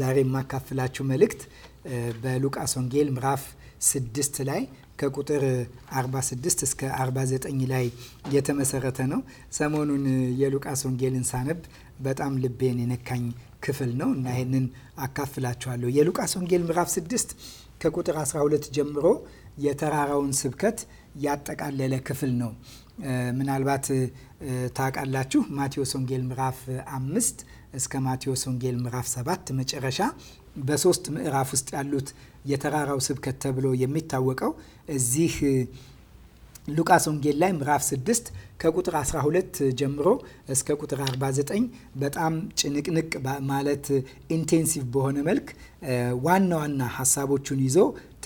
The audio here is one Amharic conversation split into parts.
ዛሬ የማካፍላችሁ መልእክት በሉቃስ ወንጌል ምዕራፍ 6 ላይ ከቁጥር 46 እስከ 49 ላይ የተመሰረተ ነው። ሰሞኑን የሉቃስ ወንጌልን ሳነብ በጣም ልቤን የነካኝ ክፍል ነው እና ይህንን አካፍላችኋለሁ። የሉቃስ ወንጌል ምዕራፍ 6 ከቁጥር 12 ጀምሮ የተራራውን ስብከት ያጠቃለለ ክፍል ነው። ምናልባት ታውቃላችሁ ማቴዎስ ወንጌል ምዕራፍ አምስት እስከ ማቴዎስ ወንጌል ምዕራፍ 7 መጨረሻ በሶስት ምዕራፍ ውስጥ ያሉት የተራራው ስብከት ተብሎ የሚታወቀው እዚህ ሉቃስ ወንጌል ላይ ምዕራፍ 6 ከቁጥር 12 ጀምሮ እስከ ቁጥር 49 በጣም ጭንቅንቅ ማለት ኢንቴንሲቭ በሆነ መልክ ዋና ዋና ሀሳቦቹን ይዞ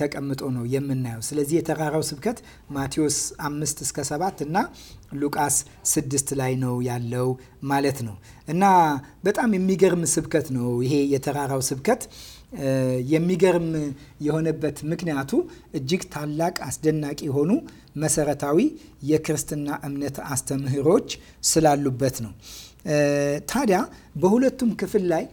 ተቀምጦ ነው የምናየው። ስለዚህ የተራራው ስብከት ማቴዎስ አምስት እስከ ሰባት እና ሉቃስ ስድስት ላይ ነው ያለው ማለት ነው እና በጣም የሚገርም ስብከት ነው ይሄ የተራራው ስብከት የሚገርም የሆነበት ምክንያቱ እጅግ ታላቅ አስደናቂ የሆኑ መሰረታዊ የክርስትና እምነት አስተምህሮች ስላሉበት ነው። ታዲያ በሁለቱም ክፍል ላይ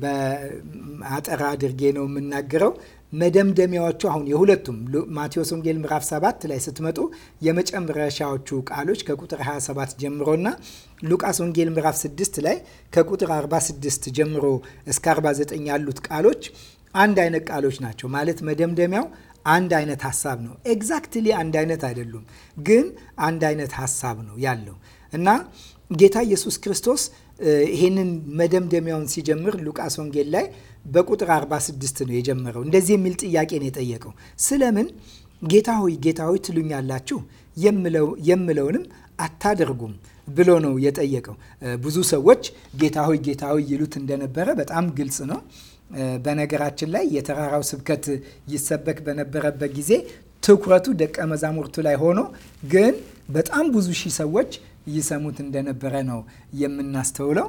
በአጠራ አድርጌ ነው የምናገረው። መደምደሚያዎቹ አሁን የሁለቱም ማቴዎስ ወንጌል ምዕራፍ 7 ላይ ስትመጡ የመጨረሻዎቹ ቃሎች ከቁጥር 27 ጀምሮና ሉቃስ ወንጌል ምዕራፍ 6 ላይ ከቁጥር 46 ጀምሮ እስከ 49 ያሉት ቃሎች አንድ አይነት ቃሎች ናቸው። ማለት መደምደሚያው አንድ አይነት ሀሳብ ነው። ኤግዛክትሊ አንድ አይነት አይደሉም፣ ግን አንድ አይነት ሀሳብ ነው ያለው እና ጌታ ኢየሱስ ክርስቶስ ይህንን መደምደሚያውን ሲጀምር ሉቃስ ወንጌል ላይ በቁጥር 46 ነው የጀመረው። እንደዚህ የሚል ጥያቄ ነው የጠየቀው። ስለምን ጌታ ሆይ ጌታ ሆይ ትሉኛላችሁ የምለውንም አታደርጉም ብሎ ነው የጠየቀው። ብዙ ሰዎች ጌታ ሆይ ጌታ ሆይ ይሉት እንደነበረ በጣም ግልጽ ነው። በነገራችን ላይ የተራራው ስብከት ይሰበክ በነበረበት ጊዜ ትኩረቱ ደቀ መዛሙርቱ ላይ ሆኖ ግን በጣም ብዙ ሺህ ሰዎች ይሰሙት እንደነበረ ነው የምናስተውለው።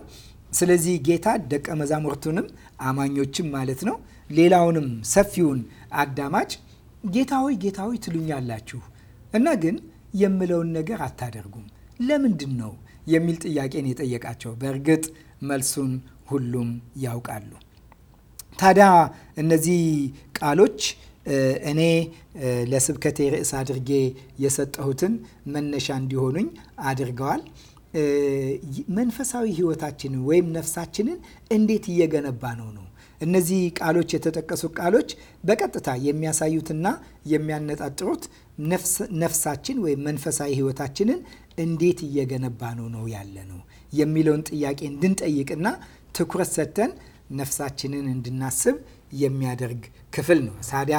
ስለዚህ ጌታ ደቀ መዛሙርቱንም አማኞችም ማለት ነው ሌላውንም ሰፊውን አዳማጭ ጌታ ሆይ ጌታ ሆይ ትሉኛላችሁ እና ግን የምለውን ነገር አታደርጉም ለምንድን ነው የሚል ጥያቄን የጠየቃቸው በእርግጥ መልሱን ሁሉም ያውቃሉ ታዲያ እነዚህ ቃሎች እኔ ለስብከቴ ርዕስ አድርጌ የሰጠሁትን መነሻ እንዲሆኑኝ አድርገዋል መንፈሳዊ ህይወታችንን ወይም ነፍሳችንን እንዴት እየገነባ ነው ነው። እነዚህ ቃሎች የተጠቀሱ ቃሎች በቀጥታ የሚያሳዩትና የሚያነጣጥሩት ነፍሳችን ወይም መንፈሳዊ ህይወታችንን እንዴት እየገነባ ነው ነው ያለ ነው የሚለውን ጥያቄ እንድንጠይቅና ትኩረት ሰጥተን ነፍሳችንን እንድናስብ የሚያደርግ ክፍል ነው። ታዲያ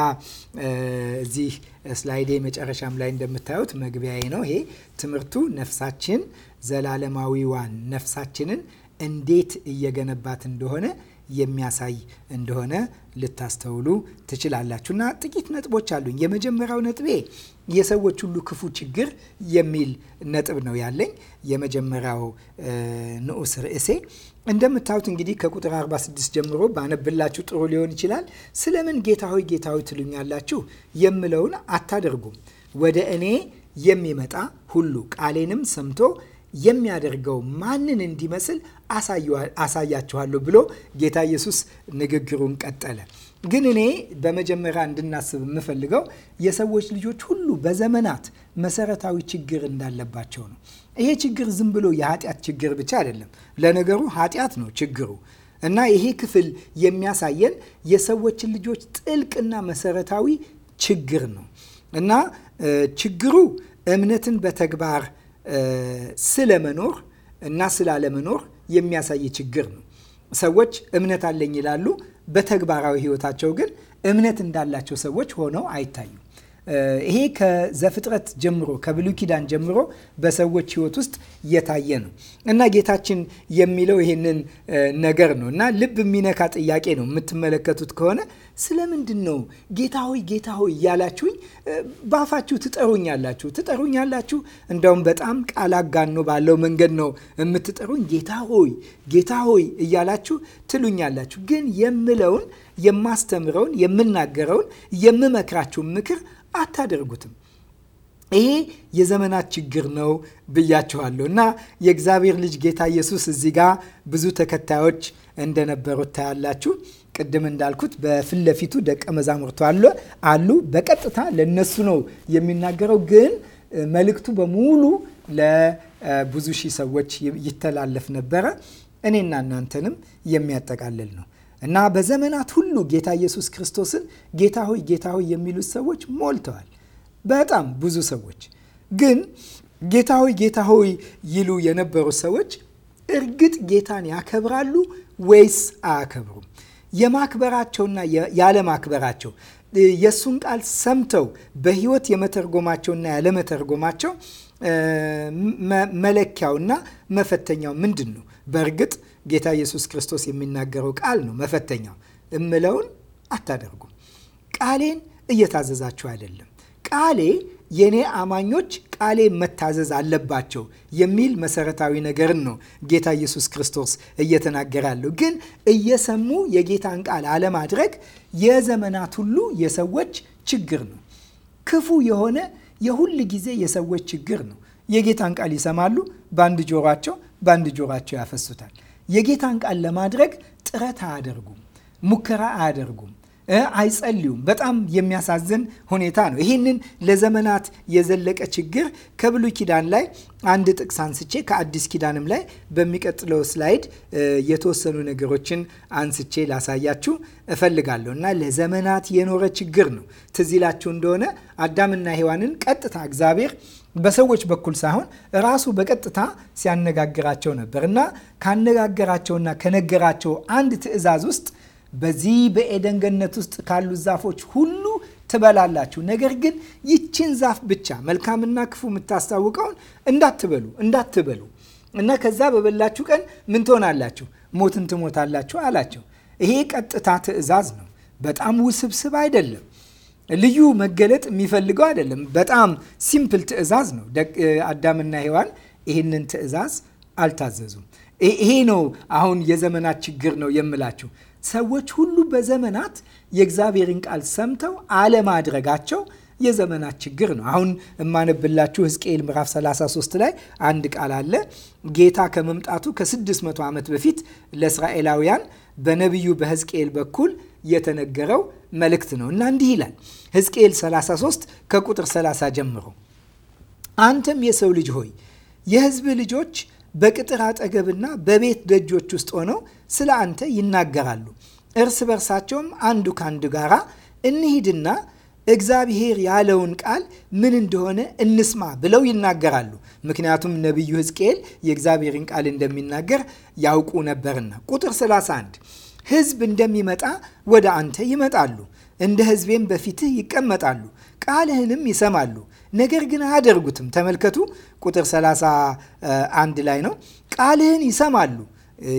እዚህ ስላይዴ መጨረሻም ላይ እንደምታዩት መግቢያዬ ነው ይሄ ትምህርቱ ነፍሳችን ዘላለማዊዋን ነፍሳችንን እንዴት እየገነባት እንደሆነ የሚያሳይ እንደሆነ ልታስተውሉ ትችላላችሁ። እና ጥቂት ነጥቦች አሉኝ። የመጀመሪያው ነጥቤ የሰዎች ሁሉ ክፉ ችግር የሚል ነጥብ ነው ያለኝ የመጀመሪያው ንዑስ ርዕሴ። እንደምታዩት እንግዲህ ከቁጥር 46 ጀምሮ ባነብላችሁ ጥሩ ሊሆን ይችላል። ስለምን ጌታ ሆይ ጌታ ሆይ ትሉኛላችሁ የምለውን አታደርጉም? ወደ እኔ የሚመጣ ሁሉ ቃሌንም ሰምቶ የሚያደርገው ማንን እንዲመስል አሳያችኋለሁ ብሎ ጌታ ኢየሱስ ንግግሩን ቀጠለ። ግን እኔ በመጀመሪያ እንድናስብ የምፈልገው የሰዎች ልጆች ሁሉ በዘመናት መሰረታዊ ችግር እንዳለባቸው ነው። ይሄ ችግር ዝም ብሎ የኃጢአት ችግር ብቻ አይደለም። ለነገሩ ኃጢአት ነው ችግሩ እና ይሄ ክፍል የሚያሳየን የሰዎችን ልጆች ጥልቅና መሰረታዊ ችግር ነው እና ችግሩ እምነትን በተግባር ስለመኖር እና ስላለመኖር የሚያሳይ ችግር ነው። ሰዎች እምነት አለኝ ይላሉ። በተግባራዊ ህይወታቸው ግን እምነት እንዳላቸው ሰዎች ሆነው አይታዩም። ይሄ ከዘፍጥረት ጀምሮ ከብሉይ ኪዳን ጀምሮ በሰዎች ህይወት ውስጥ የታየ ነው እና ጌታችን የሚለው ይሄንን ነገር ነው እና ልብ የሚነካ ጥያቄ ነው። የምትመለከቱት ከሆነ ስለምንድን ነው ጌታ ሆይ ጌታ ሆይ እያላችሁኝ ባፋችሁ ትጠሩኛላችሁ ትጠሩኛላችሁ? እንደውም በጣም ቃል አጋኖ ባለው መንገድ ነው የምትጠሩኝ። ጌታ ሆይ ጌታ ሆይ እያላችሁ ትሉኛላችሁ። ግን የምለውን የማስተምረውን፣ የምናገረውን፣ የምመክራችሁን ምክር አታደርጉትም። ይሄ የዘመናት ችግር ነው ብያችኋለሁ። እና የእግዚአብሔር ልጅ ጌታ ኢየሱስ እዚህ ጋር ብዙ ተከታዮች እንደነበሩት ታያላችሁ። ቅድም እንዳልኩት በፊት ለፊቱ ደቀ መዛሙርቱ አሉ። በቀጥታ ለነሱ ነው የሚናገረው፣ ግን መልእክቱ በሙሉ ለብዙ ሺህ ሰዎች ይተላለፍ ነበረ። እኔና እናንተንም የሚያጠቃልል ነው እና በዘመናት ሁሉ ጌታ ኢየሱስ ክርስቶስን ጌታ ሆይ ጌታ ሆይ የሚሉት ሰዎች ሞልተዋል። በጣም ብዙ ሰዎች ግን ጌታ ሆይ ጌታ ሆይ ይሉ የነበሩ ሰዎች እርግጥ ጌታን ያከብራሉ ወይስ አያከብሩም? የማክበራቸውና ያለማክበራቸው የእሱን ቃል ሰምተው በህይወት የመተርጎማቸውና ያለመተርጎማቸው መለኪያውና መፈተኛው ምንድን ነው? በእርግጥ ጌታ ኢየሱስ ክርስቶስ የሚናገረው ቃል ነው። መፈተኛው እምለውን አታደርጉም፣ ቃሌን እየታዘዛችሁ አይደለም፣ ቃሌ የእኔ አማኞች ቃሌ መታዘዝ አለባቸው የሚል መሰረታዊ ነገርን ነው ጌታ ኢየሱስ ክርስቶስ እየተናገራለሁ። ግን እየሰሙ የጌታን ቃል አለማድረግ የዘመናት ሁሉ የሰዎች ችግር ነው። ክፉ የሆነ የሁል ጊዜ የሰዎች ችግር ነው። የጌታን ቃል ይሰማሉ፣ በአንድ ጆሯቸው በአንድ ጆሯቸው ያፈሱታል። የጌታን ቃል ለማድረግ ጥረት አያደርጉም፣ ሙከራ አያደርጉም። አይጸልዩም። በጣም የሚያሳዝን ሁኔታ ነው። ይህንን ለዘመናት የዘለቀ ችግር ከብሉይ ኪዳን ላይ አንድ ጥቅስ አንስቼ ከአዲስ ኪዳንም ላይ በሚቀጥለው ስላይድ የተወሰኑ ነገሮችን አንስቼ ላሳያችሁ እፈልጋለሁ እና ለዘመናት የኖረ ችግር ነው። ትዝ ይላችሁ እንደሆነ አዳምና ሔዋንን ቀጥታ እግዚአብሔር በሰዎች በኩል ሳይሆን ራሱ በቀጥታ ሲያነጋግራቸው ነበር እና ካነጋገራቸውና ከነገራቸው አንድ ትዕዛዝ ውስጥ በዚህ በኤደን ገነት ውስጥ ካሉ ዛፎች ሁሉ ትበላላችሁ፣ ነገር ግን ይችን ዛፍ ብቻ መልካምና ክፉ የምታስታውቀውን እንዳትበሉ እንዳትበሉ እና ከዛ በበላችሁ ቀን ምን ትሆናላችሁ? ሞትን ትሞታላችሁ አላቸው። ይሄ ቀጥታ ትዕዛዝ ነው። በጣም ውስብስብ አይደለም። ልዩ መገለጥ የሚፈልገው አይደለም። በጣም ሲምፕል ትዕዛዝ ነው። አዳምና ሔዋን ይህንን ትዕዛዝ አልታዘዙም። ይሄ ነው አሁን የዘመናት ችግር ነው የምላችሁ ሰዎች ሁሉ በዘመናት የእግዚአብሔርን ቃል ሰምተው አለማድረጋቸው የዘመናት ችግር ነው። አሁን የማነብላችሁ ሕዝቅኤል ምዕራፍ 33 ላይ አንድ ቃል አለ። ጌታ ከመምጣቱ ከ600 ዓመት በፊት ለእስራኤላውያን በነቢዩ በሕዝቅኤል በኩል የተነገረው መልእክት ነው እና እንዲህ ይላል ሕዝቅኤል 33 ከቁጥር 30 ጀምሮ አንተም የሰው ልጅ ሆይ የሕዝብ ልጆች በቅጥር አጠገብና በቤት ደጆች ውስጥ ሆነው ስለ አንተ ይናገራሉ። እርስ በርሳቸውም አንዱ ከአንዱ ጋር እንሂድና እግዚአብሔር ያለውን ቃል ምን እንደሆነ እንስማ ብለው ይናገራሉ። ምክንያቱም ነቢዩ ሕዝቅኤል የእግዚአብሔርን ቃል እንደሚናገር ያውቁ ነበርና። ቁጥር 31 ሕዝብ እንደሚመጣ ወደ አንተ ይመጣሉ፣ እንደ ሕዝቤም በፊትህ ይቀመጣሉ ቃልህንም ይሰማሉ ነገር ግን አያደርጉትም። ተመልከቱ ቁጥር 31 ላይ ነው። ቃልህን ይሰማሉ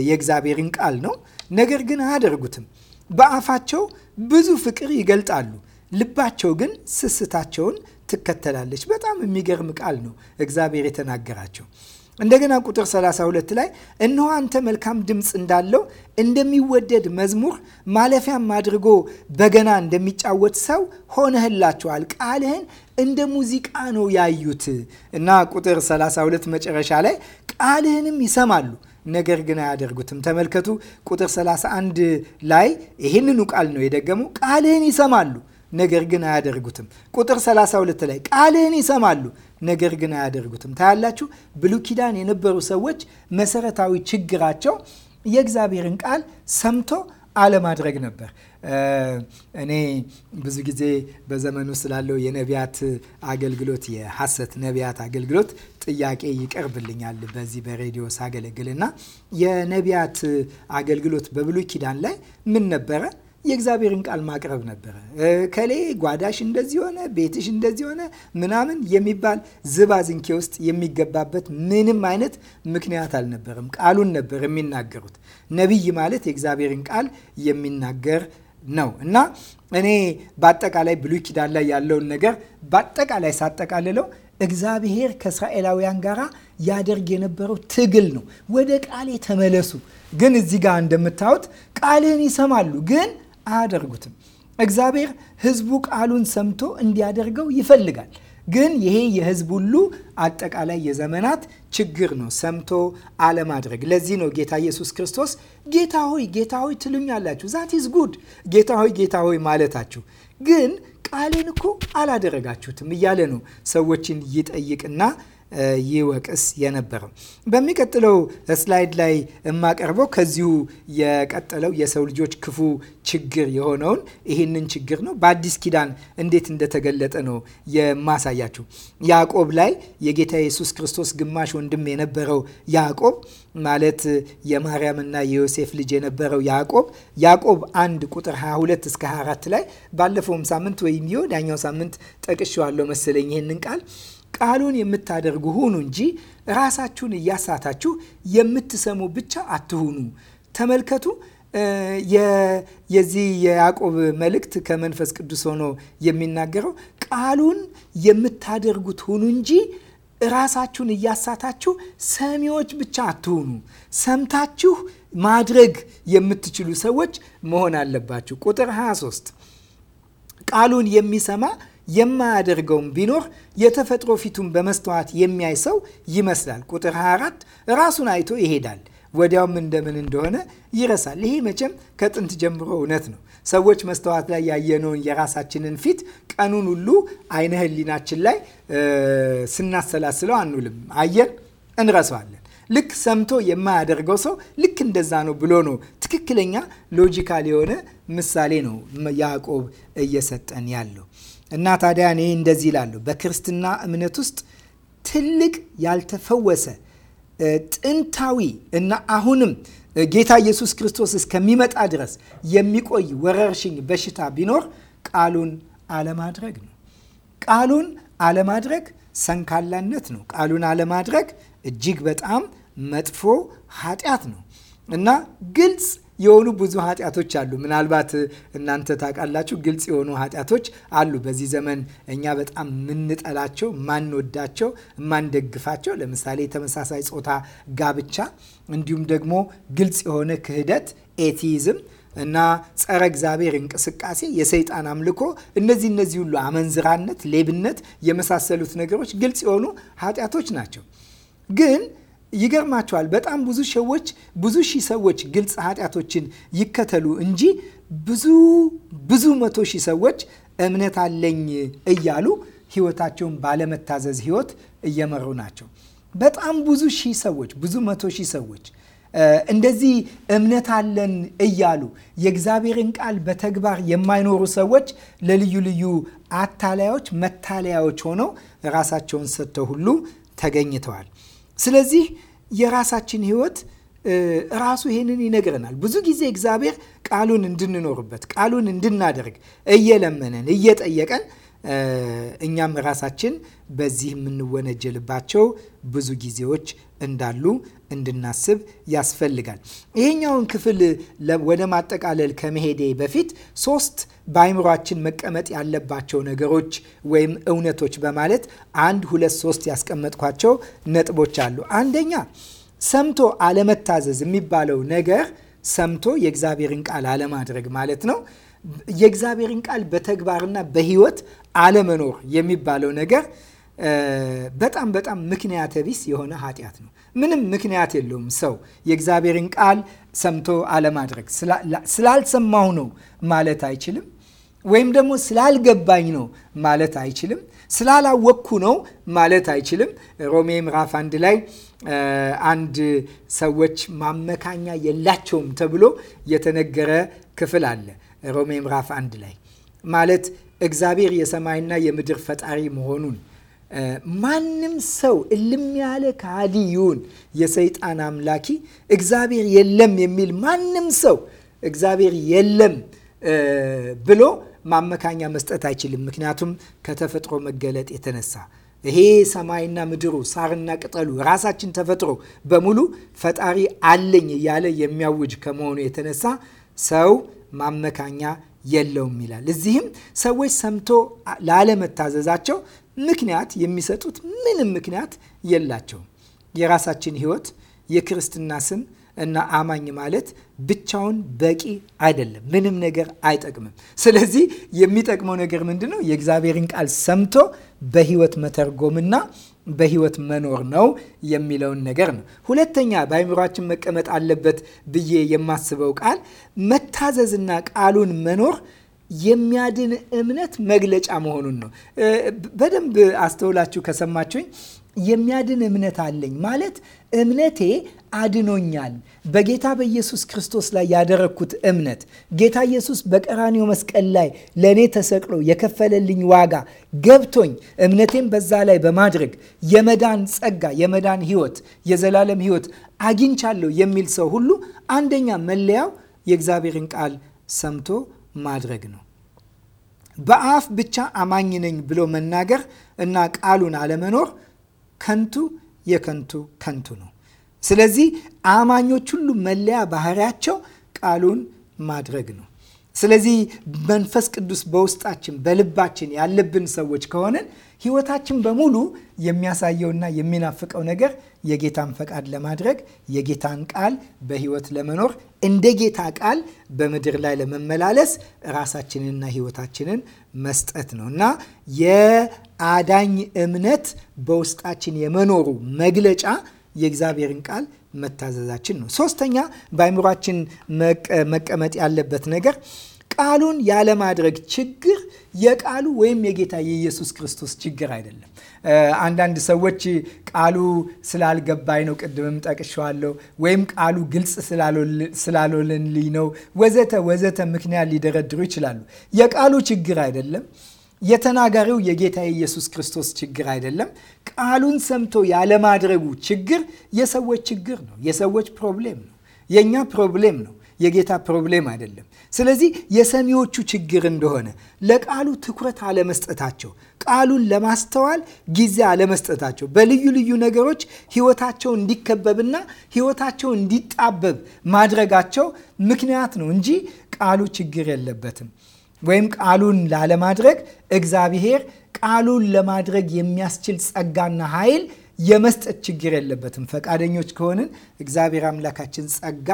የእግዚአብሔርን ቃል ነው። ነገር ግን አያደርጉትም። በአፋቸው ብዙ ፍቅር ይገልጣሉ፣ ልባቸው ግን ስስታቸውን ትከተላለች። በጣም የሚገርም ቃል ነው እግዚአብሔር የተናገራቸው እንደገና ቁጥር 32 ላይ እነሆ አንተ መልካም ድምፅ እንዳለው እንደሚወደድ መዝሙር ማለፊያም አድርጎ በገና እንደሚጫወት ሰው ሆነህላቸዋል ቃልህን እንደ ሙዚቃ ነው ያዩት እና ቁጥር 32 መጨረሻ ላይ ቃልህንም ይሰማሉ ነገር ግን አያደርጉትም። ተመልከቱ ቁጥር 31 ላይ ይህንኑ ቃል ነው የደገመው። ቃልህን ይሰማሉ ነገር ግን አያደርጉትም። ቁጥር 32 ላይ ቃልህን ይሰማሉ፣ ነገር ግን አያደርጉትም። ታያላችሁ፣ ብሉይ ኪዳን የነበሩ ሰዎች መሰረታዊ ችግራቸው የእግዚአብሔርን ቃል ሰምቶ አለማድረግ ነበር። እኔ ብዙ ጊዜ በዘመኑ ስላለው የነቢያት አገልግሎት የሐሰት ነቢያት አገልግሎት ጥያቄ ይቀርብልኛል በዚህ በሬዲዮ ሳገለግልና የነቢያት አገልግሎት በብሉይ ኪዳን ላይ ምን ነበረ? የእግዚአብሔርን ቃል ማቅረብ ነበረ። ከሌ ጓዳሽ እንደዚህ ሆነ፣ ቤትሽ እንደዚህ ሆነ ምናምን የሚባል ዝባዝንኬ ውስጥ የሚገባበት ምንም አይነት ምክንያት አልነበረም። ቃሉን ነበር የሚናገሩት። ነቢይ ማለት የእግዚአብሔርን ቃል የሚናገር ነው እና እኔ በአጠቃላይ ብሉይ ኪዳን ላይ ያለውን ነገር በአጠቃላይ ሳጠቃልለው እግዚአብሔር ከእስራኤላውያን ጋር ያደርግ የነበረው ትግል ነው። ወደ ቃሌ ተመለሱ። ግን እዚህ ጋር እንደምታዩት ቃልህን ይሰማሉ ግን አያደርጉትም። እግዚአብሔር ሕዝቡ ቃሉን ሰምቶ እንዲያደርገው ይፈልጋል። ግን ይሄ የሕዝብ ሁሉ አጠቃላይ የዘመናት ችግር ነው፣ ሰምቶ አለማድረግ። ለዚህ ነው ጌታ ኢየሱስ ክርስቶስ ጌታ ሆይ ጌታ ሆይ ትሉኛላችሁ፣ ዛት ኢዝ ጉድ ጌታ ሆይ ጌታ ሆይ ማለታችሁ ግን ቃሌን እኮ አላደረጋችሁትም እያለ ነው ሰዎችን ይጠይቅና ይወቅስ የነበረው። በሚቀጥለው ስላይድ ላይ የማቀርበው ከዚሁ የቀጠለው የሰው ልጆች ክፉ ችግር የሆነውን ይህንን ችግር ነው በአዲስ ኪዳን እንዴት እንደተገለጠ ነው የማሳያችሁ። ያዕቆብ ላይ የጌታ ኢየሱስ ክርስቶስ ግማሽ ወንድም የነበረው ያዕቆብ ማለት የማርያምና የዮሴፍ ልጅ የነበረው ያዕቆብ ያዕቆብ አንድ ቁጥር 22 እስከ 24 ላይ ባለፈውም ሳምንት ወይም የወዳኛው ሳምንት ጠቅሼዋለሁ መሰለኝ ይህንን ቃል ቃሉን የምታደርጉ ሁኑ እንጂ ራሳችሁን እያሳታችሁ የምትሰሙ ብቻ አትሁኑ። ተመልከቱ የዚህ የያዕቆብ መልእክት ከመንፈስ ቅዱስ ሆኖ የሚናገረው ቃሉን የምታደርጉት ሁኑ እንጂ ራሳችሁን እያሳታችሁ ሰሚዎች ብቻ አትሁኑ። ሰምታችሁ ማድረግ የምትችሉ ሰዎች መሆን አለባችሁ። ቁጥር 23 ቃሉን የሚሰማ የማያደርገውም ቢኖር የተፈጥሮ ፊቱን በመስተዋት የሚያይ ሰው ይመስላል። ቁጥር 24 ራሱን አይቶ ይሄዳል፣ ወዲያውም እንደምን እንደሆነ ይረሳል። ይሄ መቼም ከጥንት ጀምሮ እውነት ነው። ሰዎች መስተዋት ላይ ያየነውን የራሳችንን ፊት ቀኑን ሁሉ አይነ ህሊናችን ላይ ስናሰላስለው አንውልም። አየን፣ እንረሳዋለን። ልክ ሰምቶ የማያደርገው ሰው ልክ እንደዛ ነው ብሎ ነው ትክክለኛ ሎጂካል የሆነ ምሳሌ ነው ያዕቆብ እየሰጠን ያለው። እና ታዲያ እኔ እንደዚህ ይላሉ በክርስትና እምነት ውስጥ ትልቅ ያልተፈወሰ ጥንታዊ እና አሁንም ጌታ ኢየሱስ ክርስቶስ እስከሚመጣ ድረስ የሚቆይ ወረርሽኝ በሽታ ቢኖር ቃሉን አለማድረግ ነው። ቃሉን አለማድረግ ሰንካላነት ነው። ቃሉን አለማድረግ እጅግ በጣም መጥፎ ኃጢአት ነው እና ግልጽ የሆኑ ብዙ ኃጢአቶች አሉ። ምናልባት እናንተ ታውቃላችሁ፣ ግልጽ የሆኑ ኃጢአቶች አሉ። በዚህ ዘመን እኛ በጣም የምንጠላቸው፣ ማንወዳቸው፣ ማንደግፋቸው ለምሳሌ የተመሳሳይ ጾታ ጋብቻ፣ እንዲሁም ደግሞ ግልጽ የሆነ ክህደት ኤቲይዝም እና ጸረ እግዚአብሔር እንቅስቃሴ፣ የሰይጣን አምልኮ፣ እነዚህ እነዚህ ሁሉ አመንዝራነት፣ ሌብነት የመሳሰሉት ነገሮች ግልጽ የሆኑ ኃጢአቶች ናቸው ግን ይገርማቸዋል። በጣም ብዙ ሰዎች ብዙ ሺህ ሰዎች ግልጽ ኃጢአቶችን ይከተሉ እንጂ ብዙ ብዙ መቶ ሺህ ሰዎች እምነት አለኝ እያሉ ህይወታቸውን ባለመታዘዝ ህይወት እየመሩ ናቸው። በጣም ብዙ ሺህ ሰዎች ብዙ መቶ ሺህ ሰዎች እንደዚህ እምነት አለን እያሉ የእግዚአብሔርን ቃል በተግባር የማይኖሩ ሰዎች ለልዩ ልዩ አታላዮች መታለያዎች ሆነው ራሳቸውን ሰጥተው ሁሉ ተገኝተዋል። ስለዚህ የራሳችን ህይወት ራሱ ይሄንን ይነግረናል። ብዙ ጊዜ እግዚአብሔር ቃሉን እንድንኖርበት ቃሉን እንድናደርግ እየለመነን እየጠየቀን እኛም ራሳችን በዚህ የምንወነጀልባቸው ብዙ ጊዜዎች እንዳሉ እንድናስብ ያስፈልጋል። ይሄኛውን ክፍል ወደ ማጠቃለል ከመሄዴ በፊት ሶስት በአይምሯችን መቀመጥ ያለባቸው ነገሮች ወይም እውነቶች በማለት አንድ፣ ሁለት፣ ሶስት ያስቀመጥኳቸው ነጥቦች አሉ። አንደኛ ሰምቶ አለመታዘዝ የሚባለው ነገር ሰምቶ የእግዚአብሔርን ቃል አለማድረግ ማለት ነው። የእግዚአብሔርን ቃል በተግባርና በሕይወት አለመኖር የሚባለው ነገር በጣም በጣም ምክንያተ ቢስ የሆነ ኃጢአት ነው። ምንም ምክንያት የለውም። ሰው የእግዚአብሔርን ቃል ሰምቶ አለማድረግ ስላልሰማሁ ነው ማለት አይችልም። ወይም ደግሞ ስላልገባኝ ነው ማለት አይችልም። ስላላወቅኩ ነው ማለት አይችልም። ሮሜ ምዕራፍ አንድ ላይ አንድ ሰዎች ማመካኛ የላቸውም ተብሎ የተነገረ ክፍል አለ። ሮሜ ምዕራፍ አንድ ላይ ማለት እግዚአብሔር የሰማይና የምድር ፈጣሪ መሆኑን ማንም ሰው እልም ያለ ከሃዲ ይሁን የሰይጣን አምላኪ እግዚአብሔር የለም የሚል ማንም ሰው እግዚአብሔር የለም ብሎ ማመካኛ መስጠት አይችልም። ምክንያቱም ከተፈጥሮ መገለጥ የተነሳ ይሄ ሰማይና ምድሩ ሳርና ቅጠሉ ራሳችን ተፈጥሮ በሙሉ ፈጣሪ አለኝ እያለ የሚያውጅ ከመሆኑ የተነሳ ሰው ማመካኛ የለውም ይላል። እዚህም ሰዎች ሰምቶ ላለመታዘዛቸው ምክንያት የሚሰጡት ምንም ምክንያት የላቸውም። የራሳችን ህይወት የክርስትና ስም እና አማኝ ማለት ብቻውን በቂ አይደለም። ምንም ነገር አይጠቅምም። ስለዚህ የሚጠቅመው ነገር ምንድን ነው? የእግዚአብሔርን ቃል ሰምቶ በህይወት መተርጎምና በህይወት መኖር ነው የሚለውን ነገር ነው። ሁለተኛ በአይምሯችን መቀመጥ አለበት ብዬ የማስበው ቃል መታዘዝና ቃሉን መኖር የሚያድን እምነት መግለጫ መሆኑን ነው። በደንብ አስተውላችሁ ከሰማችሁኝ የሚያድን እምነት አለኝ ማለት እምነቴ አድኖኛል። በጌታ በኢየሱስ ክርስቶስ ላይ ያደረግኩት እምነት ጌታ ኢየሱስ በቀራኒው መስቀል ላይ ለእኔ ተሰቅሎ የከፈለልኝ ዋጋ ገብቶኝ እምነቴን በዛ ላይ በማድረግ የመዳን ጸጋ፣ የመዳን ህይወት የዘላለም ህይወት አግኝቻለሁ የሚል ሰው ሁሉ አንደኛ መለያው የእግዚአብሔርን ቃል ሰምቶ ማድረግ ነው። በአፍ ብቻ አማኝ ነኝ ብሎ መናገር እና ቃሉን አለመኖር ከንቱ የከንቱ ከንቱ ነው። ስለዚህ አማኞች ሁሉ መለያ ባህሪያቸው ቃሉን ማድረግ ነው። ስለዚህ መንፈስ ቅዱስ በውስጣችን በልባችን ያለብን ሰዎች ከሆነን ሕይወታችን በሙሉ የሚያሳየውና የሚናፍቀው ነገር የጌታን ፈቃድ ለማድረግ የጌታን ቃል በህይወት ለመኖር እንደ ጌታ ቃል በምድር ላይ ለመመላለስ ራሳችንንና ህይወታችንን መስጠት ነው እና የአዳኝ እምነት በውስጣችን የመኖሩ መግለጫ የእግዚአብሔርን ቃል መታዘዛችን ነው። ሶስተኛ በአይምሯችን መቀመጥ ያለበት ነገር ቃሉን ያለማድረግ ችግር የቃሉ ወይም የጌታ የኢየሱስ ክርስቶስ ችግር አይደለም። አንዳንድ ሰዎች ቃሉ ስላልገባኝ ነው፣ ቅድምም ጠቅሸዋለሁ፣ ወይም ቃሉ ግልጽ ስላልሆነልኝ ነው፣ ወዘተ ወዘተ ምክንያት ሊደረድሩ ይችላሉ። የቃሉ ችግር አይደለም። የተናጋሪው የጌታ የኢየሱስ ክርስቶስ ችግር አይደለም። ቃሉን ሰምቶ ያለማድረጉ ችግር የሰዎች ችግር ነው፣ የሰዎች ፕሮብሌም ነው፣ የእኛ ፕሮብሌም ነው። የጌታ ፕሮብሌም አይደለም። ስለዚህ የሰሚዎቹ ችግር እንደሆነ ለቃሉ ትኩረት አለመስጠታቸው፣ ቃሉን ለማስተዋል ጊዜ አለመስጠታቸው በልዩ ልዩ ነገሮች ሕይወታቸው እንዲከበብና ሕይወታቸው እንዲጣበብ ማድረጋቸው ምክንያት ነው እንጂ ቃሉ ችግር የለበትም። ወይም ቃሉን ላለማድረግ እግዚአብሔር ቃሉን ለማድረግ የሚያስችል ጸጋና ኃይል የመስጠት ችግር የለበትም። ፈቃደኞች ከሆንን እግዚአብሔር አምላካችን ጸጋ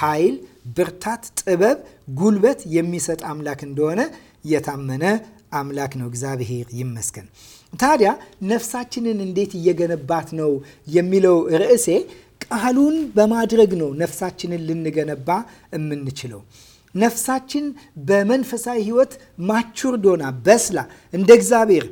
ኃይል፣ ብርታት፣ ጥበብ፣ ጉልበት የሚሰጥ አምላክ እንደሆነ የታመነ አምላክ ነው። እግዚአብሔር ይመስገን። ታዲያ ነፍሳችንን እንዴት እየገነባት ነው የሚለው ርዕሴ ቃሉን በማድረግ ነው ነፍሳችንን ልንገነባ የምንችለው። ነፍሳችን በመንፈሳዊ ሕይወት ዶና በስላ እንደ እግዚአብሔር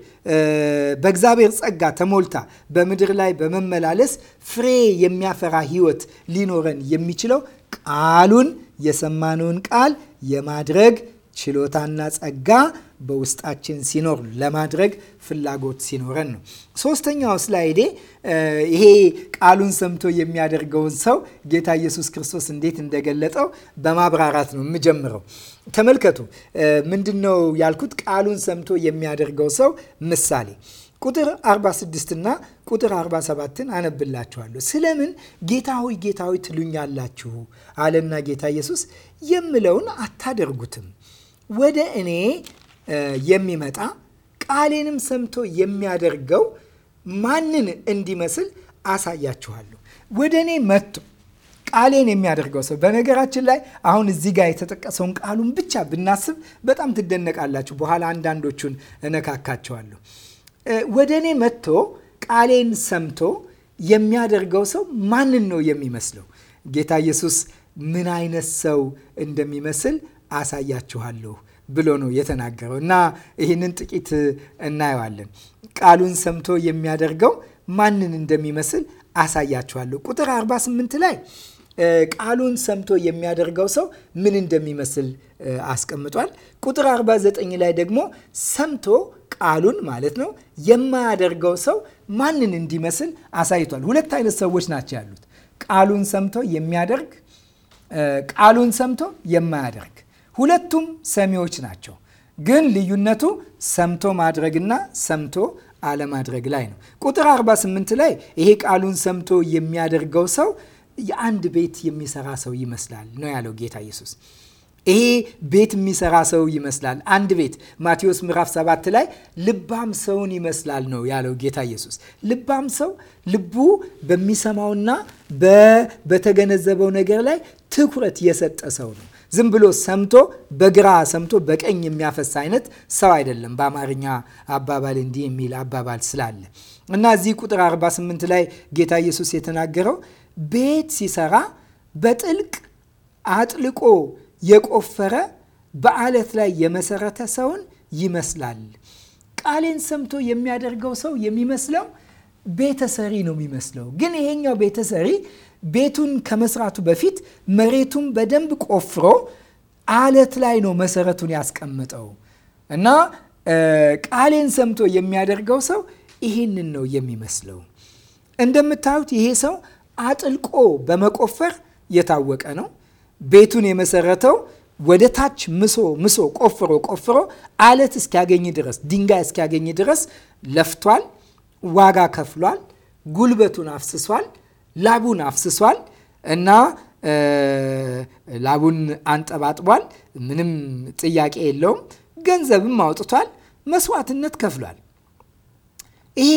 በእግዚአብሔር ጸጋ ተሞልታ በምድር ላይ በመመላለስ ፍሬ የሚያፈራ ሕይወት ሊኖረን የሚችለው ቃሉን የሰማነውን ቃል የማድረግ ችሎታና ጸጋ በውስጣችን ሲኖር ለማድረግ ፍላጎት ሲኖረን ነው። ሶስተኛው ስላይዴ ይሄ ቃሉን ሰምቶ የሚያደርገውን ሰው ጌታ ኢየሱስ ክርስቶስ እንዴት እንደገለጠው በማብራራት ነው የምጀምረው። ተመልከቱ፣ ምንድን ነው ያልኩት? ቃሉን ሰምቶ የሚያደርገው ሰው ምሳሌ ቁጥር 46 እና ቁጥር 47ን አነብላችኋለሁ። ስለምን ጌታ ሆይ ጌታ ሆይ ትሉኛላችሁ አለና ጌታ ኢየሱስ የምለውን አታደርጉትም ወደ እኔ የሚመጣ ቃሌንም ሰምቶ የሚያደርገው ማንን እንዲመስል አሳያችኋለሁ። ወደ እኔ መጥቶ ቃሌን የሚያደርገው ሰው በነገራችን ላይ አሁን እዚህ ጋር የተጠቀሰውን ቃሉን ብቻ ብናስብ በጣም ትደነቃላችሁ። በኋላ አንዳንዶቹን እነካካቸዋለሁ። ወደ እኔ መጥቶ ቃሌን ሰምቶ የሚያደርገው ሰው ማንን ነው የሚመስለው? ጌታ ኢየሱስ ምን አይነት ሰው እንደሚመስል አሳያችኋለሁ ብሎ ነው የተናገረው እና ይህንን ጥቂት እናየዋለን። ቃሉን ሰምቶ የሚያደርገው ማንን እንደሚመስል አሳያችኋለሁ። ቁጥር 48 ላይ ቃሉን ሰምቶ የሚያደርገው ሰው ምን እንደሚመስል አስቀምጧል። ቁጥር 49 ላይ ደግሞ ሰምቶ ቃሉን ማለት ነው የማያደርገው ሰው ማንን እንዲመስል አሳይቷል። ሁለት አይነት ሰዎች ናቸው ያሉት፣ ቃሉን ሰምቶ የሚያደርግ፣ ቃሉን ሰምቶ የማያደርግ። ሁለቱም ሰሚዎች ናቸው፣ ግን ልዩነቱ ሰምቶ ማድረግና ሰምቶ አለማድረግ ላይ ነው። ቁጥር 48 ላይ ይሄ ቃሉን ሰምቶ የሚያደርገው ሰው የአንድ ቤት የሚሰራ ሰው ይመስላል ነው ያለው ጌታ ኢየሱስ። ይሄ ቤት የሚሰራ ሰው ይመስላል። አንድ ቤት ማቴዎስ ምዕራፍ 7 ላይ ልባም ሰውን ይመስላል ነው ያለው ጌታ ኢየሱስ። ልባም ሰው ልቡ በሚሰማውና በተገነዘበው ነገር ላይ ትኩረት የሰጠ ሰው ነው። ዝም ብሎ ሰምቶ በግራ ሰምቶ በቀኝ የሚያፈስ አይነት ሰው አይደለም። በአማርኛ አባባል እንዲህ የሚል አባባል ስላለ እና እዚህ ቁጥር 48 ላይ ጌታ ኢየሱስ የተናገረው ቤት ሲሰራ በጥልቅ አጥልቆ የቆፈረ በአለት ላይ የመሰረተ ሰውን ይመስላል። ቃሌን ሰምቶ የሚያደርገው ሰው የሚመስለው ቤተሰሪ ነው የሚመስለው። ግን ይሄኛው ቤተሰሪ ቤቱን ከመስራቱ በፊት መሬቱን በደንብ ቆፍሮ አለት ላይ ነው መሰረቱን ያስቀምጠው። እና ቃሌን ሰምቶ የሚያደርገው ሰው ይህንን ነው የሚመስለው። እንደምታዩት ይሄ ሰው አጥልቆ በመቆፈር የታወቀ ነው። ቤቱን የመሰረተው ወደ ታች ምሶ ምሶ ቆፍሮ ቆፍሮ አለት እስኪያገኝ ድረስ ድንጋይ እስኪያገኝ ድረስ ለፍቷል፣ ዋጋ ከፍሏል፣ ጉልበቱን አፍስሷል፣ ላቡን አፍስሷል እና ላቡን አንጠባጥቧል። ምንም ጥያቄ የለውም። ገንዘብም አውጥቷል፣ መስዋዕትነት ከፍሏል። ይሄ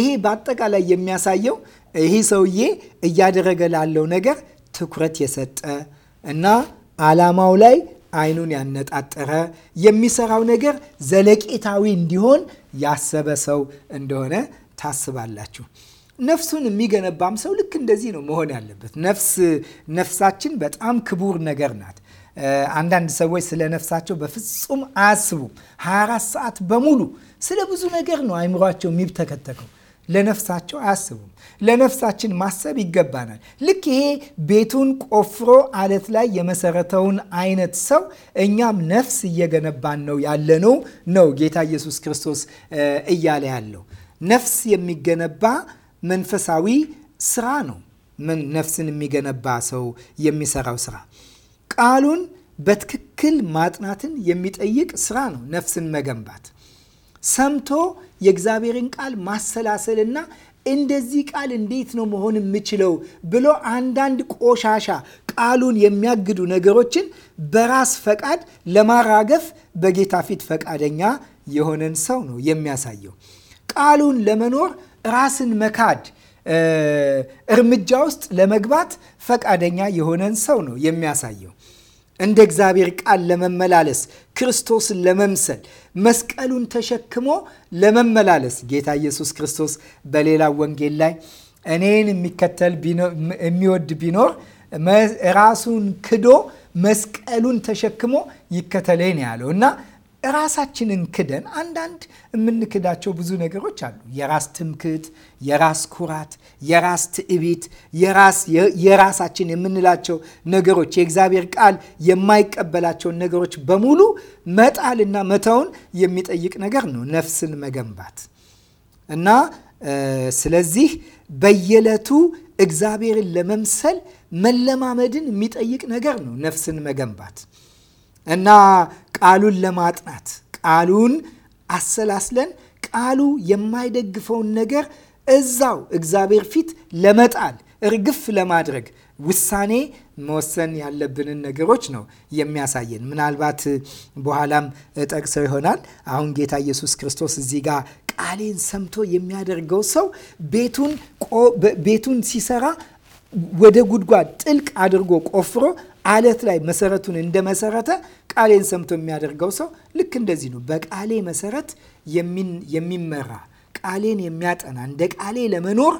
ይሄ በአጠቃላይ የሚያሳየው ይሄ ሰውዬ እያደረገ ላለው ነገር ትኩረት የሰጠ እና ዓላማው ላይ አይኑን ያነጣጠረ የሚሰራው ነገር ዘለቄታዊ እንዲሆን ያሰበ ሰው እንደሆነ ታስባላችሁ። ነፍሱን የሚገነባም ሰው ልክ እንደዚህ ነው መሆን ያለበት። ነፍስ ነፍሳችን በጣም ክቡር ነገር ናት። አንዳንድ ሰዎች ስለ ነፍሳቸው በፍጹም አያስቡም። 24 ሰዓት በሙሉ ስለ ብዙ ነገር ነው አይምሯቸው የሚብተከተከው ለነፍሳቸው አያስቡም። ለነፍሳችን ማሰብ ይገባናል። ልክ ይሄ ቤቱን ቆፍሮ አለት ላይ የመሰረተውን አይነት ሰው እኛም ነፍስ እየገነባን ነው ያለነው ነው ጌታ ኢየሱስ ክርስቶስ እያለ ያለው ነፍስ የሚገነባ መንፈሳዊ ስራ ነው። ነፍስን የሚገነባ ሰው የሚሰራው ስራ ቃሉን በትክክል ማጥናትን የሚጠይቅ ስራ ነው ነፍስን መገንባት ሰምቶ የእግዚአብሔርን ቃል ማሰላሰልና እንደዚህ ቃል እንዴት ነው መሆን የምችለው ብሎ አንዳንድ ቆሻሻ ቃሉን የሚያግዱ ነገሮችን በራስ ፈቃድ ለማራገፍ በጌታ ፊት ፈቃደኛ የሆነን ሰው ነው የሚያሳየው። ቃሉን ለመኖር ራስን መካድ እርምጃ ውስጥ ለመግባት ፈቃደኛ የሆነን ሰው ነው የሚያሳየው። እንደ እግዚአብሔር ቃል ለመመላለስ ክርስቶስን ለመምሰል መስቀሉን ተሸክሞ ለመመላለስ ጌታ ኢየሱስ ክርስቶስ በሌላ ወንጌል ላይ እኔን የሚከተል የሚወድ ቢኖር ራሱን ክዶ መስቀሉን ተሸክሞ ይከተለኝ ያለው እና ራሳችንን ክደን አንዳንድ የምንክዳቸው ብዙ ነገሮች አሉ። የራስ ትምክት፣ የራስ ኩራት፣ የራስ ትዕቢት፣ የራሳችን የምንላቸው ነገሮች የእግዚአብሔር ቃል የማይቀበላቸውን ነገሮች በሙሉ መጣልና መተውን የሚጠይቅ ነገር ነው ነፍስን መገንባት እና ስለዚህ በየዕለቱ እግዚአብሔርን ለመምሰል መለማመድን የሚጠይቅ ነገር ነው ነፍስን መገንባት እና ቃሉን ለማጥናት ቃሉን አሰላስለን ቃሉ የማይደግፈውን ነገር እዛው እግዚአብሔር ፊት ለመጣል እርግፍ ለማድረግ ውሳኔ መወሰን ያለብንን ነገሮች ነው የሚያሳየን። ምናልባት በኋላም ጠቅሰው ይሆናል። አሁን ጌታ ኢየሱስ ክርስቶስ እዚህ ጋር ቃሌን ሰምቶ የሚያደርገው ሰው ቤቱን ቤቱን ሲሰራ ወደ ጉድጓድ ጥልቅ አድርጎ ቆፍሮ አለት ላይ መሰረቱን እንደመሰረተ ቃሌን ሰምቶ የሚያደርገው ሰው ልክ እንደዚህ ነው። በቃሌ መሰረት የሚመራ ቃሌን የሚያጠና እንደ ቃሌ ለመኖር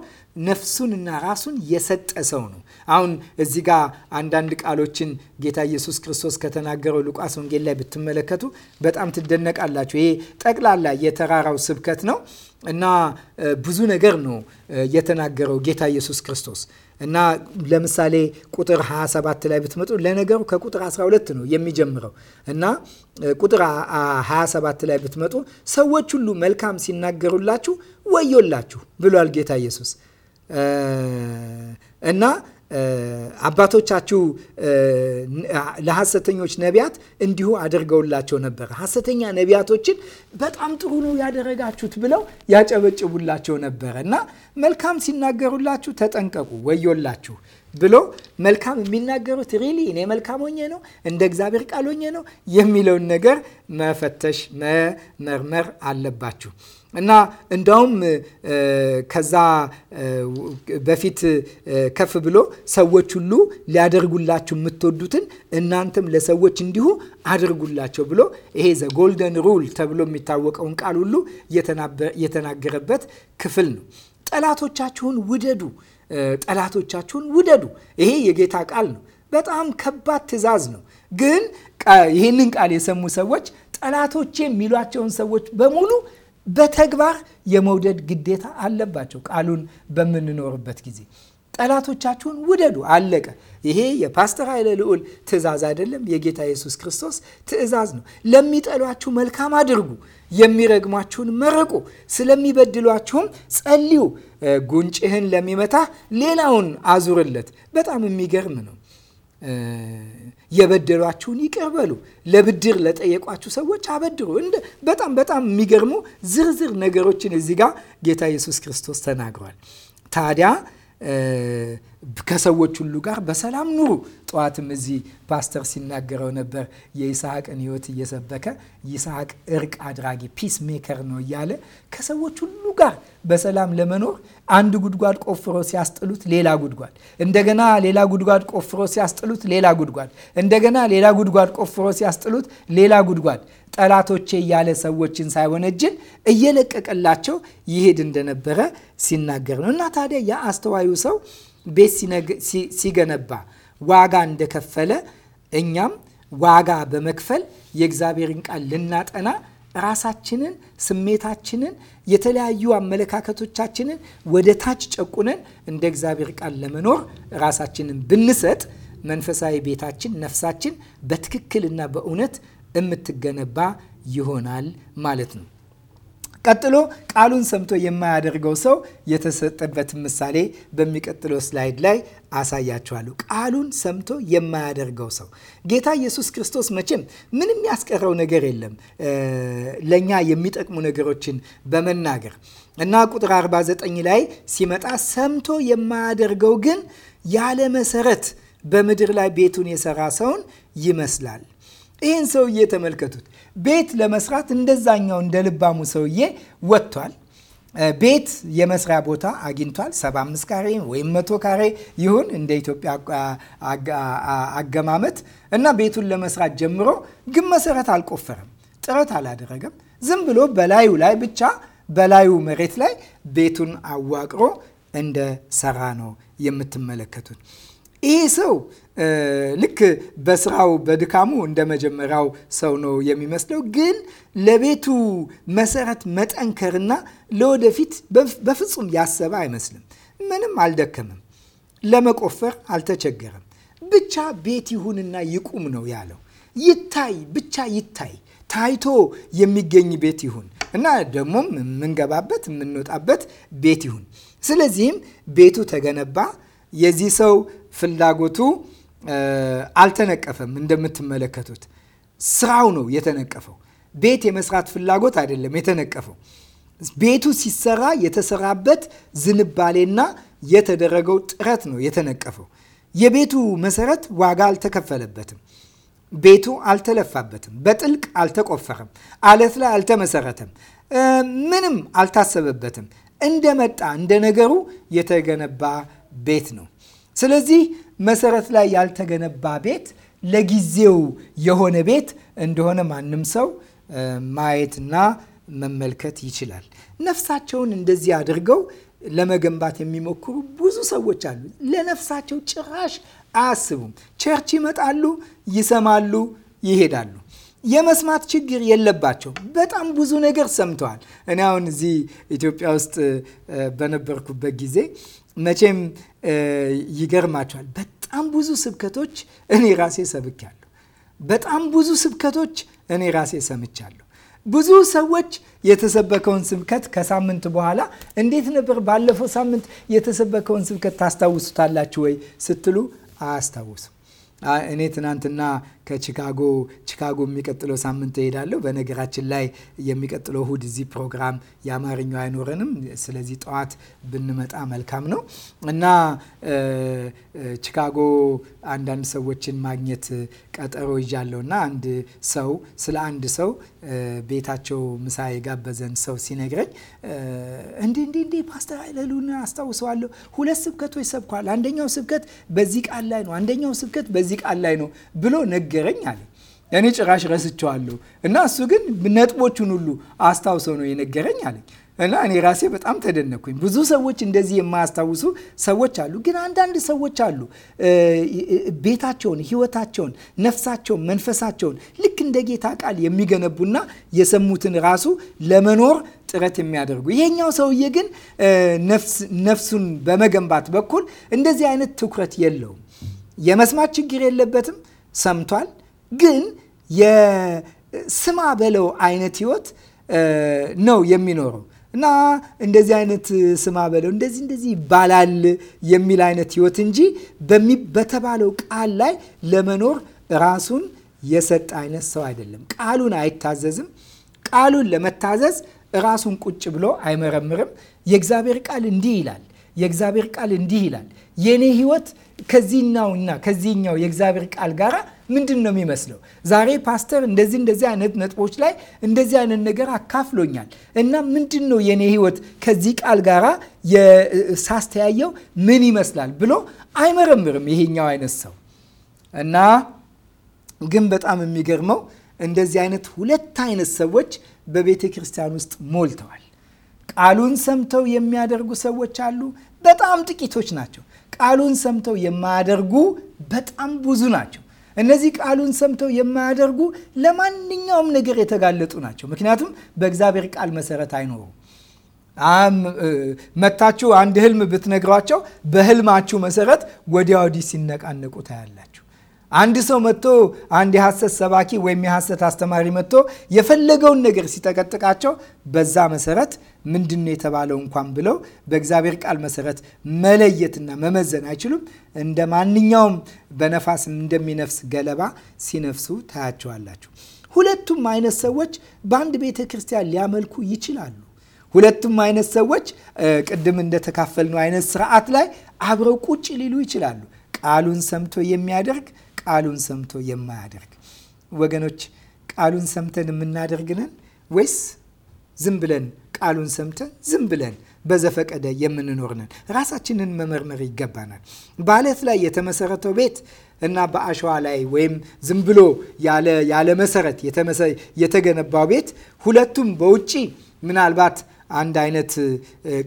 ነፍሱንና ራሱን የሰጠ ሰው ነው። አሁን እዚህ ጋ አንዳንድ ቃሎችን ጌታ ኢየሱስ ክርስቶስ ከተናገረው ሉቃስ ወንጌል ላይ ብትመለከቱ በጣም ትደነቃላችሁ። ይሄ ጠቅላላ የተራራው ስብከት ነው እና ብዙ ነገር ነው የተናገረው ጌታ ኢየሱስ ክርስቶስ እና ለምሳሌ ቁጥር 27 ላይ ብትመጡ ለነገሩ ከቁጥር 12 ነው የሚጀምረው እና ቁጥር 27 ላይ ብትመጡ ሰዎች ሁሉ መልካም ሲናገሩላችሁ ወዮላችሁ ብሏል ጌታ ኢየሱስ እና አባቶቻችሁ ለሐሰተኞች ነቢያት እንዲሁ አድርገውላቸው ነበር። ሐሰተኛ ነቢያቶችን በጣም ጥሩ ነው ያደረጋችሁት ብለው ያጨበጭቡላቸው ነበረ እና መልካም ሲናገሩላችሁ ተጠንቀቁ፣ ወዮላችሁ ብሎ መልካም የሚናገሩት ሪሊ እኔ መልካም ሆኜ ነው እንደ እግዚአብሔር ቃል ሆኜ ነው የሚለውን ነገር መፈተሽ መመርመር አለባችሁ። እና እንዳውም ከዛ በፊት ከፍ ብሎ ሰዎች ሁሉ ሊያደርጉላችሁ የምትወዱትን እናንተም ለሰዎች እንዲሁ አድርጉላቸው ብሎ ይሄ ዘ ጎልደን ሩል ተብሎ የሚታወቀውን ቃል ሁሉ የተናገረበት ክፍል ነው። ጠላቶቻችሁን ውደዱ፣ ጠላቶቻችሁን ውደዱ። ይሄ የጌታ ቃል ነው። በጣም ከባድ ትዕዛዝ ነው። ግን ይህንን ቃል የሰሙ ሰዎች ጠላቶቼ የሚሏቸውን ሰዎች በሙሉ በተግባር የመውደድ ግዴታ አለባቸው። ቃሉን በምንኖርበት ጊዜ ጠላቶቻችሁን ውደዱ፣ አለቀ። ይሄ የፓስተር ኃይለ ልዑል ትእዛዝ አይደለም፣ የጌታ ኢየሱስ ክርስቶስ ትእዛዝ ነው። ለሚጠሏችሁ መልካም አድርጉ፣ የሚረግሟችሁን መርቁ፣ ስለሚበድሏችሁም ጸልዩ፣ ጉንጭህን ለሚመታ ሌላውን አዙርለት። በጣም የሚገርም ነው። የበደሏችሁን ይቅር በሉ፣ ለብድር ለጠየቋችሁ ሰዎች አበድሩ። እንደ በጣም በጣም የሚገርሙ ዝርዝር ነገሮችን እዚህ ጋር ጌታ ኢየሱስ ክርስቶስ ተናግሯል። ታዲያ ከሰዎች ሁሉ ጋር በሰላም ኑሩ። ጠዋትም እዚህ ፓስተር ሲናገረው ነበር የይስሐቅን ሕይወት እየሰበከ ይስሐቅ እርቅ አድራጊ ፒስ ሜከር ነው እያለ ከሰዎች ሁሉ ጋር በሰላም ለመኖር አንድ ጉድጓድ ቆፍሮ ሲያስጥሉት ሌላ ጉድጓድ፣ እንደገና ሌላ ጉድጓድ ቆፍሮ ሲያስጥሉት ሌላ ጉድጓድ፣ እንደገና ሌላ ጉድጓድ ቆፍሮ ሲያስጥሉት ሌላ ጉድጓድ ጠላቶቼ እያለ ሰዎችን ሳይወነጅል እየለቀቀላቸው ይሄድ እንደነበረ ሲናገር ነው እና ታዲያ አስተዋዩ ሰው ቤት ሲገነባ ዋጋ እንደከፈለ እኛም ዋጋ በመክፈል የእግዚአብሔርን ቃል ልናጠና ራሳችንን፣ ስሜታችንን፣ የተለያዩ አመለካከቶቻችንን ወደ ታች ጨቁነን እንደ እግዚአብሔር ቃል ለመኖር ራሳችንን ብንሰጥ መንፈሳዊ ቤታችን፣ ነፍሳችን በትክክልና በእውነት የምትገነባ ይሆናል ማለት ነው። ቀጥሎ ቃሉን ሰምቶ የማያደርገው ሰው የተሰጠበትን ምሳሌ በሚቀጥለው ስላይድ ላይ አሳያችኋለሁ። ቃሉን ሰምቶ የማያደርገው ሰው ጌታ ኢየሱስ ክርስቶስ መቼም ምንም ያስቀረው ነገር የለም ለእኛ የሚጠቅሙ ነገሮችን በመናገር እና ቁጥር 49 ላይ ሲመጣ ሰምቶ የማያደርገው ግን ያለ መሰረት በምድር ላይ ቤቱን የሰራ ሰውን ይመስላል። ይህን ሰውዬ ተመልከቱት። ቤት ለመስራት እንደዛኛው እንደ ልባሙ ሰውዬ ወጥቷል። ቤት የመስሪያ ቦታ አግኝቷል። 75 ካሬ ወይም መቶ ካሬ ይሁን እንደ ኢትዮጵያ አገማመት እና ቤቱን ለመስራት ጀምሮ ግን መሰረት አልቆፈረም፣ ጥረት አላደረገም። ዝም ብሎ በላዩ ላይ ብቻ በላዩ መሬት ላይ ቤቱን አዋቅሮ እንደ ሰራ ነው የምትመለከቱት ይሄ ሰው ልክ በስራው በድካሙ እንደ መጀመሪያው ሰው ነው የሚመስለው። ግን ለቤቱ መሰረት መጠንከርና ለወደፊት በፍጹም ያሰበ አይመስልም። ምንም አልደከምም፣ ለመቆፈር አልተቸገረም። ብቻ ቤት ይሁንና ይቁም ነው ያለው። ይታይ ብቻ ይታይ፣ ታይቶ የሚገኝ ቤት ይሁን እና ደግሞም የምንገባበት የምንወጣበት ቤት ይሁን። ስለዚህም ቤቱ ተገነባ። የዚህ ሰው ፍላጎቱ አልተነቀፈም። እንደምትመለከቱት ስራው ነው የተነቀፈው። ቤት የመስራት ፍላጎት አይደለም የተነቀፈው። ቤቱ ሲሰራ የተሰራበት ዝንባሌና የተደረገው ጥረት ነው የተነቀፈው። የቤቱ መሰረት ዋጋ አልተከፈለበትም። ቤቱ አልተለፋበትም። በጥልቅ አልተቆፈረም። አለት ላይ አልተመሰረተም። ምንም አልታሰበበትም። እንደመጣ እንደ ነገሩ የተገነባ ቤት ነው። ስለዚህ መሰረት ላይ ያልተገነባ ቤት ለጊዜው የሆነ ቤት እንደሆነ ማንም ሰው ማየትና መመልከት ይችላል። ነፍሳቸውን እንደዚህ አድርገው ለመገንባት የሚሞክሩ ብዙ ሰዎች አሉ። ለነፍሳቸው ጭራሽ አያስቡም። ቸርች ይመጣሉ፣ ይሰማሉ፣ ይሄዳሉ። የመስማት ችግር የለባቸው። በጣም ብዙ ነገር ሰምተዋል። እኔ አሁን እዚህ ኢትዮጵያ ውስጥ በነበርኩበት ጊዜ መቼም ይገርማቸዋል። በጣም ብዙ ስብከቶች እኔ ራሴ ሰብኬያለሁ። በጣም ብዙ ስብከቶች እኔ ራሴ ሰምቻለሁ። ብዙ ሰዎች የተሰበከውን ስብከት ከሳምንት በኋላ እንዴት ነበር ባለፈው ሳምንት የተሰበከውን ስብከት ታስታውሱታላችሁ ወይ ስትሉ አያስታውሱም። እኔ ትናንትና ከቺካጎ ቺካጎ የሚቀጥለው ሳምንት እሄዳለሁ። በነገራችን ላይ የሚቀጥለው እሁድ እዚህ ፕሮግራም የአማርኛው አይኖረንም። ስለዚህ ጠዋት ብንመጣ መልካም ነው እና ቺካጎ አንዳንድ ሰዎችን ማግኘት ቀጠሮ ይዣለሁ እና አንድ ሰው ስለ አንድ ሰው ቤታቸው ምሳ የጋበዘን ሰው ሲነግረኝ እንዲ እንዲ እንዲ ፓስተር ኃይለሉን አስታውሰዋለሁ። ሁለት ስብከቶች ሰብኳል። አንደኛው ስብከት በዚህ ቃል ላይ ነው፣ አንደኛው ስብከት በዚህ ቃል ላይ ነው ብሎ ነገ ነገረኝ አለ። እኔ ጭራሽ ረስቸዋለሁ እና እሱ ግን ነጥቦቹን ሁሉ አስታውሰው ነው የነገረኝ አለኝ። እና እኔ ራሴ በጣም ተደነኩኝ። ብዙ ሰዎች እንደዚህ የማያስታውሱ ሰዎች አሉ። ግን አንዳንድ ሰዎች አሉ ቤታቸውን፣ ህይወታቸውን ነፍሳቸውን፣ መንፈሳቸውን ልክ እንደ ጌታ ቃል የሚገነቡና የሰሙትን ራሱ ለመኖር ጥረት የሚያደርጉ ይሄኛው ሰውዬ ግን ነፍሱን በመገንባት በኩል እንደዚህ አይነት ትኩረት የለውም። የመስማት ችግር የለበትም። ሰምቷል። ግን የስማ በለው አይነት ህይወት ነው የሚኖረው እና እንደዚህ አይነት ስማ በለው እንደዚህ እንደዚህ ይባላል የሚል አይነት ህይወት እንጂ በተባለው ቃል ላይ ለመኖር ራሱን የሰጠ አይነት ሰው አይደለም። ቃሉን አይታዘዝም። ቃሉን ለመታዘዝ ራሱን ቁጭ ብሎ አይመረምርም። የእግዚአብሔር ቃል እንዲህ ይላል የእግዚአብሔር ቃል እንዲህ ይላል። የኔ ህይወት ከዚህኛውና ከዚህኛው የእግዚአብሔር ቃል ጋር ምንድን ነው የሚመስለው? ዛሬ ፓስተር እንደዚህ እንደዚህ አይነት ነጥቦች ላይ እንደዚህ አይነት ነገር አካፍሎኛል እና ምንድን ነው የኔ ህይወት ከዚህ ቃል ጋራ ሳስተያየው ምን ይመስላል ብሎ አይመረምርም ይሄኛው አይነት ሰው እና ግን በጣም የሚገርመው እንደዚህ አይነት ሁለት አይነት ሰዎች በቤተ ክርስቲያን ውስጥ ሞልተዋል። ቃሉን ሰምተው የሚያደርጉ ሰዎች አሉ። በጣም ጥቂቶች ናቸው። ቃሉን ሰምተው የማያደርጉ በጣም ብዙ ናቸው። እነዚህ ቃሉን ሰምተው የማያደርጉ ለማንኛውም ነገር የተጋለጡ ናቸው። ምክንያቱም በእግዚአብሔር ቃል መሰረት አይኖሩ መታችሁ አንድ ህልም ብትነግሯቸው በህልማችሁ መሰረት ወዲያ ወዲህ ሲነቃነቁ ታያላችሁ። አንድ ሰው መጥቶ አንድ የሐሰት ሰባኪ ወይም የሐሰት አስተማሪ መጥቶ የፈለገውን ነገር ሲጠቀጥቃቸው በዛ መሰረት ምንድን ነው የተባለው እንኳን ብለው በእግዚአብሔር ቃል መሰረት መለየትና መመዘን አይችሉም። እንደ ማንኛውም በነፋስ እንደሚነፍስ ገለባ ሲነፍሱ ታያቸዋላችሁ። ሁለቱም አይነት ሰዎች በአንድ ቤተ ክርስቲያን ሊያመልኩ ይችላሉ። ሁለቱም አይነት ሰዎች ቅድም እንደተካፈልነው አይነት ስርዓት ላይ አብረው ቁጭ ሊሉ ይችላሉ። ቃሉን ሰምቶ የሚያደርግ ቃሉን ሰምቶ የማያደርግ ወገኖች፣ ቃሉን ሰምተን የምናደርግ ነን ወይስ ዝም ብለን ቃሉን ሰምተን ዝም ብለን በዘፈቀደ የምንኖር ነን? ራሳችንን መመርመር ይገባናል። በአለት ላይ የተመሰረተው ቤት እና በአሸዋ ላይ ወይም ዝም ብሎ ያለ መሰረት የተገነባው ቤት ሁለቱም በውጪ ምናልባት አንድ አይነት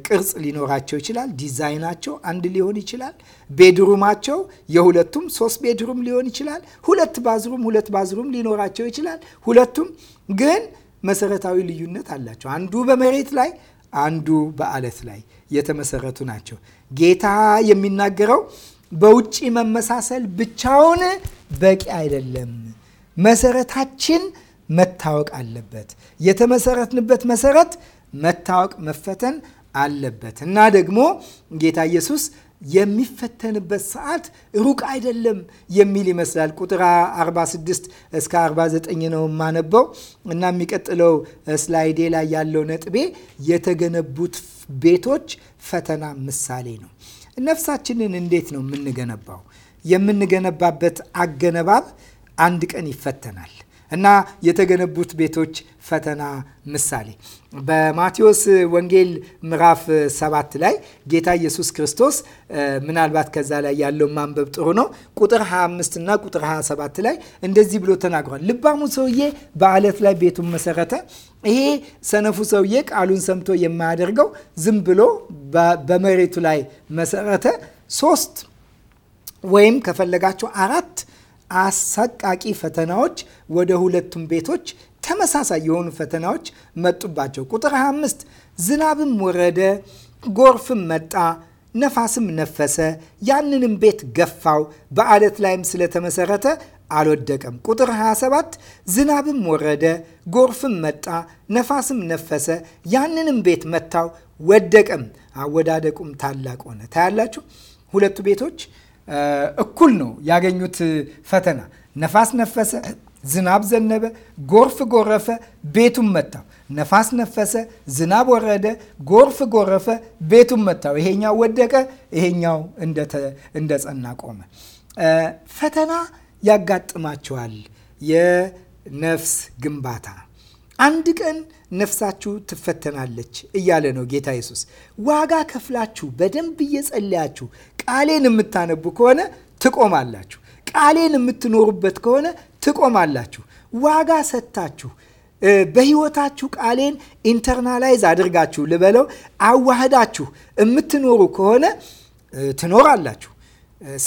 ቅርጽ ሊኖራቸው ይችላል። ዲዛይናቸው አንድ ሊሆን ይችላል። ቤድሩማቸው የሁለቱም ሶስት ቤድሩም ሊሆን ይችላል። ሁለት ባዝሩም ሁለት ባዝሩም ሊኖራቸው ይችላል። ሁለቱም ግን መሰረታዊ ልዩነት አላቸው። አንዱ በመሬት ላይ አንዱ በአለት ላይ የተመሰረቱ ናቸው። ጌታ የሚናገረው በውጭ መመሳሰል ብቻውን በቂ አይደለም። መሰረታችን መታወቅ አለበት። የተመሰረትንበት መሰረት መታወቅ መፈተን አለበት እና ደግሞ ጌታ ኢየሱስ የሚፈተንበት ሰዓት ሩቅ አይደለም የሚል ይመስላል። ቁጥር 46 እስከ 49 ነው የማነበው እና የሚቀጥለው ስላይዴ ላይ ያለው ነጥቤ የተገነቡት ቤቶች ፈተና ምሳሌ ነው። ነፍሳችንን እንዴት ነው የምንገነባው? የምንገነባበት አገነባብ አንድ ቀን ይፈተናል። እና የተገነቡት ቤቶች ፈተና ምሳሌ በማቴዎስ ወንጌል ምዕራፍ ሰባት ላይ ጌታ ኢየሱስ ክርስቶስ ምናልባት ከዛ ላይ ያለው ማንበብ ጥሩ ነው። ቁጥር 25 እና ቁጥር 27 ላይ እንደዚህ ብሎ ተናግሯል። ልባሙ ሰውዬ በአለት ላይ ቤቱን መሰረተ። ይሄ ሰነፉ ሰውዬ ቃሉን ሰምቶ የማያደርገው ዝም ብሎ በመሬቱ ላይ መሰረተ። ሶስት ወይም ከፈለጋቸው አራት አሳቃቂ ፈተናዎች ወደ ሁለቱም ቤቶች ተመሳሳይ የሆኑ ፈተናዎች መጡባቸው። ቁጥር 25 ዝናብም ወረደ፣ ጎርፍም መጣ፣ ነፋስም ነፈሰ፣ ያንንም ቤት ገፋው፣ በአለት ላይም ስለተመሰረተ አልወደቀም። ቁጥር 27 ዝናብም ወረደ፣ ጎርፍም መጣ፣ ነፋስም ነፈሰ፣ ያንንም ቤት መታው፣ ወደቀም፣ አወዳደቁም ታላቅ ሆነ። ታያላችሁ ሁለቱ ቤቶች እኩል ነው ያገኙት ፈተና። ነፋስ ነፈሰ፣ ዝናብ ዘነበ፣ ጎርፍ ጎረፈ፣ ቤቱም መታው። ነፋስ ነፈሰ፣ ዝናብ ወረደ፣ ጎርፍ ጎረፈ፣ ቤቱም መታው። ይሄኛው ወደቀ፣ ይሄኛው እንደጸና ቆመ። ፈተና ያጋጥማቸዋል። የነፍስ ግንባታ አንድ ቀን ነፍሳችሁ ትፈተናለች እያለ ነው ጌታ ኢየሱስ። ዋጋ ከፍላችሁ በደንብ እየጸለያችሁ ቃሌን የምታነቡ ከሆነ ትቆማላችሁ። ቃሌን የምትኖሩበት ከሆነ ትቆማላችሁ። ዋጋ ሰጥታችሁ በህይወታችሁ ቃሌን ኢንተርናላይዝ አድርጋችሁ ልበለው፣ አዋህዳችሁ የምትኖሩ ከሆነ ትኖራላችሁ።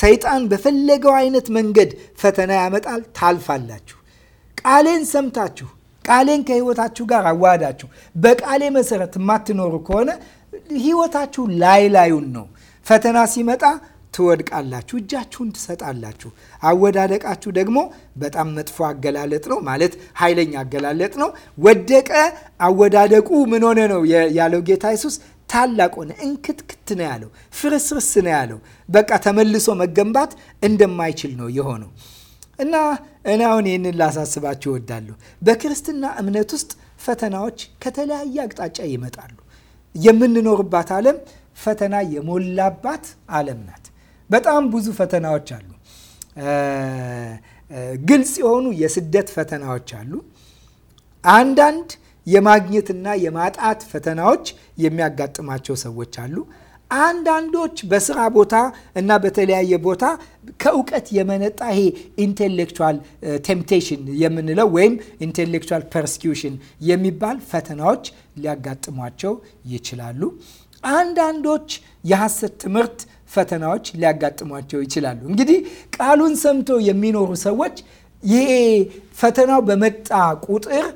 ሰይጣን በፈለገው አይነት መንገድ ፈተና ያመጣል፣ ታልፋላችሁ። ቃሌን ሰምታችሁ ቃሌን ከህይወታችሁ ጋር አዋህዳችሁ በቃሌ መሰረት የማትኖሩ ከሆነ ህይወታችሁ ላይ ላዩን ነው። ፈተና ሲመጣ ትወድቃላችሁ፣ እጃችሁን ትሰጣላችሁ። አወዳደቃችሁ ደግሞ በጣም መጥፎ አገላለጥ ነው ማለት ኃይለኛ አገላለጥ ነው። ወደቀ አወዳደቁ ምን ሆነ ነው ያለው ጌታ ኢየሱስ ታላቅ ሆነ። እንክትክት ነው ያለው፣ ፍርስርስ ነው ያለው። በቃ ተመልሶ መገንባት እንደማይችል ነው የሆነው። እና እኔ አሁን ይህንን ላሳስባችሁ እወዳለሁ። በክርስትና እምነት ውስጥ ፈተናዎች ከተለያየ አቅጣጫ ይመጣሉ። የምንኖርባት ዓለም ፈተና የሞላባት ዓለም ናት። በጣም ብዙ ፈተናዎች አሉ። ግልጽ የሆኑ የስደት ፈተናዎች አሉ። አንዳንድ የማግኘትና የማጣት ፈተናዎች የሚያጋጥማቸው ሰዎች አሉ። አንዳንዶች በስራ ቦታ እና በተለያየ ቦታ ከእውቀት የመነጣ ይሄ ኢንቴሌክቹዋል ቴምፕቴሽን uh, የምንለው ወይም ኢንቴሌክቹዋል ፐርስኪሽን የሚባል ፈተናዎች ሊያጋጥሟቸው ይችላሉ። አንዳንዶች የሐሰት ትምህርት ፈተናዎች ሊያጋጥሟቸው ይችላሉ። እንግዲህ ቃሉን ሰምቶ የሚኖሩ ሰዎች ይሄ ፈተናው በመጣ ቁጥር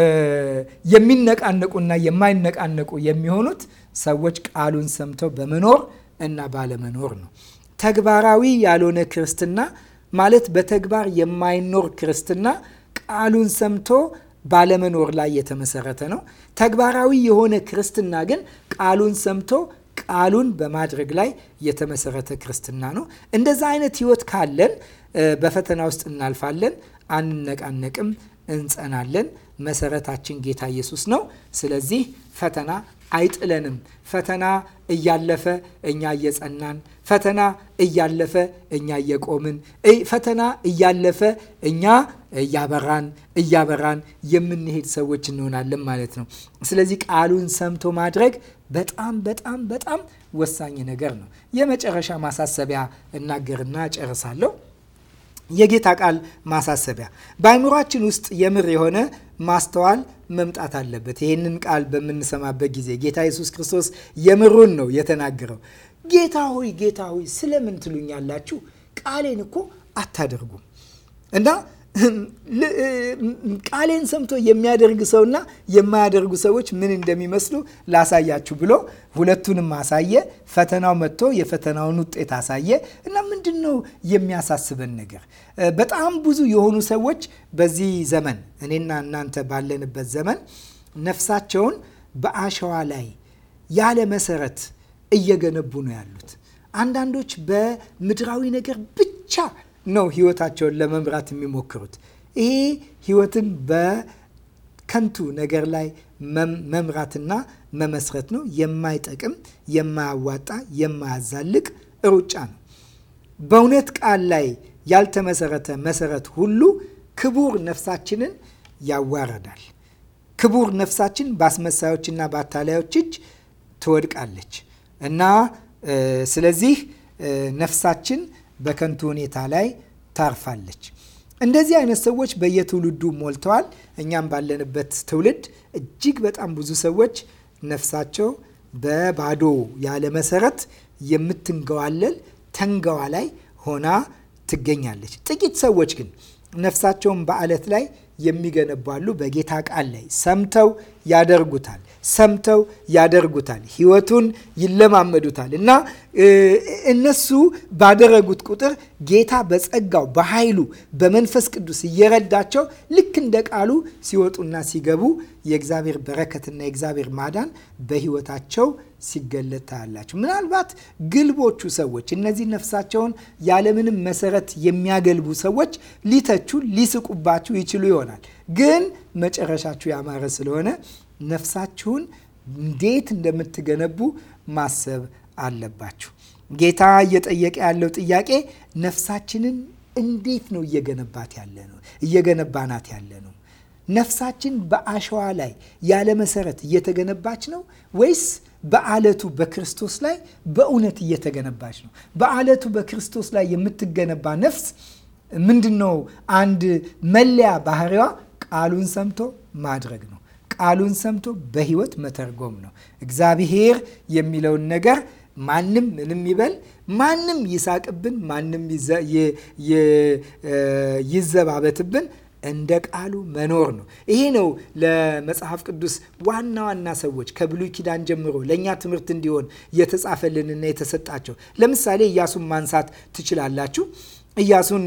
uh, የሚነቃነቁና የማይነቃነቁ የሚሆኑት ሰዎች ቃሉን ሰምተው በመኖር እና ባለመኖር ነው። ተግባራዊ ያልሆነ ክርስትና ማለት በተግባር የማይኖር ክርስትና ቃሉን ሰምቶ ባለመኖር ላይ የተመሰረተ ነው። ተግባራዊ የሆነ ክርስትና ግን ቃሉን ሰምቶ ቃሉን በማድረግ ላይ የተመሰረተ ክርስትና ነው። እንደዛ አይነት ህይወት ካለን በፈተና ውስጥ እናልፋለን፣ አንነቃነቅም፣ እንጸናለን። መሰረታችን ጌታ ኢየሱስ ነው። ስለዚህ ፈተና አይጥለንም። ፈተና እያለፈ እኛ እየጸናን፣ ፈተና እያለፈ እኛ እየቆምን፣ ፈተና እያለፈ እኛ እያበራን እያበራን የምንሄድ ሰዎች እንሆናለን ማለት ነው። ስለዚህ ቃሉን ሰምቶ ማድረግ በጣም በጣም በጣም ወሳኝ ነገር ነው። የመጨረሻ ማሳሰቢያ እናገርና ጨርሳለሁ። የጌታ ቃል ማሳሰቢያ በአይምሯችን ውስጥ የምር የሆነ ማስተዋል መምጣት አለበት። ይህንን ቃል በምንሰማበት ጊዜ ጌታ ኢየሱስ ክርስቶስ የምሩን ነው የተናገረው። ጌታ ሆይ ጌታ ሆይ ስለምን ትሉኛላችሁ? ቃሌን እኮ አታደርጉም እና ቃሌን ሰምቶ የሚያደርግ ሰውና የማያደርጉ ሰዎች ምን እንደሚመስሉ ላሳያችሁ ብሎ ሁለቱንም አሳየ። ፈተናው መጥቶ የፈተናውን ውጤት አሳየ እና ምንድን ነው የሚያሳስበን ነገር? በጣም ብዙ የሆኑ ሰዎች በዚህ ዘመን እኔና እናንተ ባለንበት ዘመን ነፍሳቸውን በአሸዋ ላይ ያለ መሰረት እየገነቡ ነው ያሉት። አንዳንዶች በምድራዊ ነገር ብቻ ነው ህይወታቸውን ለመምራት የሚሞክሩት። ይሄ ህይወትን በከንቱ ነገር ላይ መምራትና መመስረት ነው። የማይጠቅም የማያዋጣ፣ የማያዛልቅ ሩጫ ነው። በእውነት ቃል ላይ ያልተመሰረተ መሰረት ሁሉ ክቡር ነፍሳችንን ያዋረዳል። ክቡር ነፍሳችን በአስመሳዮችና በአታላዮች እጅ ትወድቃለች እና ስለዚህ ነፍሳችን በከንቱ ሁኔታ ላይ ታርፋለች። እንደዚህ አይነት ሰዎች በየትውልዱ ሞልተዋል። እኛም ባለንበት ትውልድ እጅግ በጣም ብዙ ሰዎች ነፍሳቸው በባዶ ያለ መሰረት የምትንገዋለል ተንገዋ ላይ ሆና ትገኛለች። ጥቂት ሰዎች ግን ነፍሳቸውን በአለት ላይ የሚገነባሉ በጌታ ቃል ላይ ሰምተው ያደርጉታል። ሰምተው ያደርጉታል። ህይወቱን ይለማመዱታል እና እነሱ ባደረጉት ቁጥር ጌታ በጸጋው በኃይሉ በመንፈስ ቅዱስ እየረዳቸው ልክ እንደ ቃሉ ሲወጡና ሲገቡ የእግዚአብሔር በረከትና የእግዚአብሔር ማዳን በህይወታቸው ሲገለጥ ታያላችሁ። ምናልባት ግልቦቹ ሰዎች እነዚህ ነፍሳቸውን ያለምንም መሰረት የሚያገልቡ ሰዎች ሊተቹ፣ ሊስቁባችሁ ይችሉ ይሆናል። ግን መጨረሻችሁ ያማረ ስለሆነ ነፍሳችሁን እንዴት እንደምትገነቡ ማሰብ አለባችሁ። ጌታ እየጠየቀ ያለው ጥያቄ ነፍሳችንን እንዴት ነው እየገነባት ያለ ነው እየገነባናት ያለ ነው? ነፍሳችን በአሸዋ ላይ ያለ መሰረት እየተገነባች ነው ወይስ በአለቱ በክርስቶስ ላይ በእውነት እየተገነባች ነው። በአለቱ በክርስቶስ ላይ የምትገነባ ነፍስ ምንድን ነው? አንድ መለያ ባህሪዋ ቃሉን ሰምቶ ማድረግ ነው። ቃሉን ሰምቶ በህይወት መተርጎም ነው። እግዚአብሔር የሚለውን ነገር ማንም ምንም ይበል፣ ማንም ይሳቅብን፣ ማንም ይዘባበትብን እንደ ቃሉ መኖር ነው። ይሄ ነው ለመጽሐፍ ቅዱስ ዋና ዋና ሰዎች ከብሉይ ኪዳን ጀምሮ ለእኛ ትምህርት እንዲሆን የተጻፈልንና የተሰጣቸው። ለምሳሌ እያሱን ማንሳት ትችላላችሁ። ኢያሱን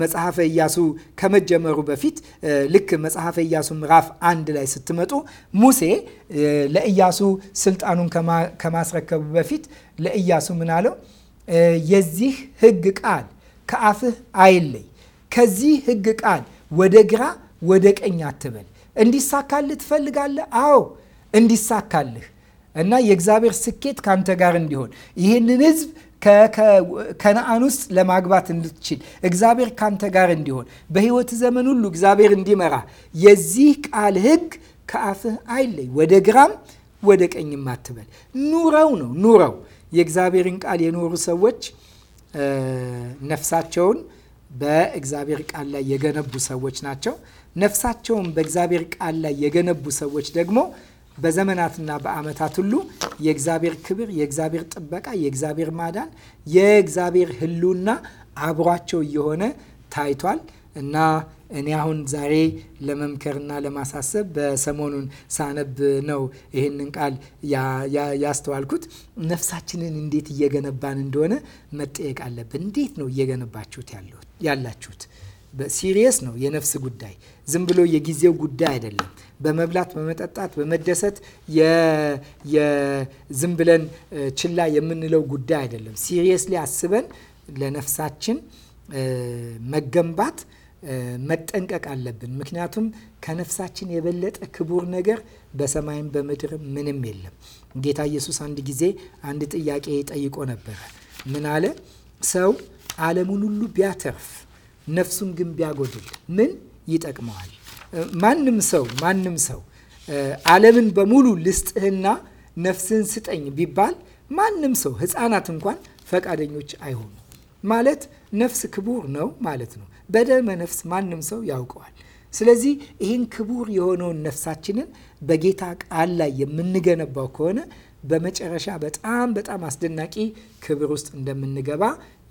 መጽሐፈ ኢያሱ ከመጀመሩ በፊት ልክ መጽሐፈ ኢያሱ ምዕራፍ አንድ ላይ ስትመጡ ሙሴ ለኢያሱ ስልጣኑን ከማስረከቡ በፊት ለኢያሱ ምን አለው? የዚህ ሕግ ቃል ከአፍህ አይለይ ከዚህ ሕግ ቃል ወደ ግራ ወደ ቀኝ አትበል። እንዲሳካልህ ትፈልጋለህ? አዎ እንዲሳካልህ እና የእግዚአብሔር ስኬት ካንተ ጋር እንዲሆን ይህንን ህዝብ ከነአን ውስጥ ለማግባት እንድትችል እግዚአብሔር ካንተ ጋር እንዲሆን በህይወት ዘመን ሁሉ እግዚአብሔር እንዲመራ የዚህ ቃል ህግ ከአፍህ አይለይ፣ ወደ ግራም ወደ ቀኝም አትበል። ኑረው ነው ኑረው። የእግዚአብሔርን ቃል የኖሩ ሰዎች ነፍሳቸውን በእግዚአብሔር ቃል ላይ የገነቡ ሰዎች ናቸው። ነፍሳቸውን በእግዚአብሔር ቃል ላይ የገነቡ ሰዎች ደግሞ በዘመናትና በዓመታት ሁሉ የእግዚአብሔር ክብር፣ የእግዚአብሔር ጥበቃ፣ የእግዚአብሔር ማዳን፣ የእግዚአብሔር ሕልውና አብሯቸው እየሆነ ታይቷል እና እኔ አሁን ዛሬ ለመምከርና ለማሳሰብ በሰሞኑን ሳነብ ነው ይህንን ቃል ያስተዋልኩት። ነፍሳችንን እንዴት እየገነባን እንደሆነ መጠየቅ አለብን። እንዴት ነው እየገነባችሁት ያላችሁት? ሲሪየስ ነው የነፍስ ጉዳይ። ዝም ብሎ የጊዜው ጉዳይ አይደለም። በመብላት በመጠጣት በመደሰት የዝም ብለን ችላ የምንለው ጉዳይ አይደለም። ሲሪየስሊ አስበን ለነፍሳችን መገንባት መጠንቀቅ አለብን። ምክንያቱም ከነፍሳችን የበለጠ ክቡር ነገር በሰማይም በምድርም ምንም የለም። ጌታ ኢየሱስ አንድ ጊዜ አንድ ጥያቄ ጠይቆ ነበረ። ምን አለ? ሰው ዓለሙን ሁሉ ቢያተርፍ ነፍሱን ግን ቢያጎድል ምን ይጠቅመዋል? ማንም ሰው ማንም ሰው ዓለምን በሙሉ ልስጥህና ነፍስን ስጠኝ ቢባል ማንም ሰው ሕፃናት እንኳን ፈቃደኞች አይሆኑ። ማለት ነፍስ ክቡር ነው ማለት ነው። በደመ ነፍስ ማንም ሰው ያውቀዋል። ስለዚህ ይህን ክቡር የሆነውን ነፍሳችንን በጌታ ቃል ላይ የምንገነባው ከሆነ በመጨረሻ በጣም በጣም አስደናቂ ክብር ውስጥ እንደምንገባ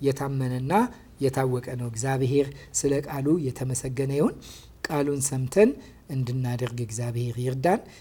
የታመነና የታወቀ ነው። እግዚአብሔር ስለ ቃሉ የተመሰገነ ይሁን። ቃሉን ሰምተን እንድናደርግ እግዚአብሔር ይርዳን።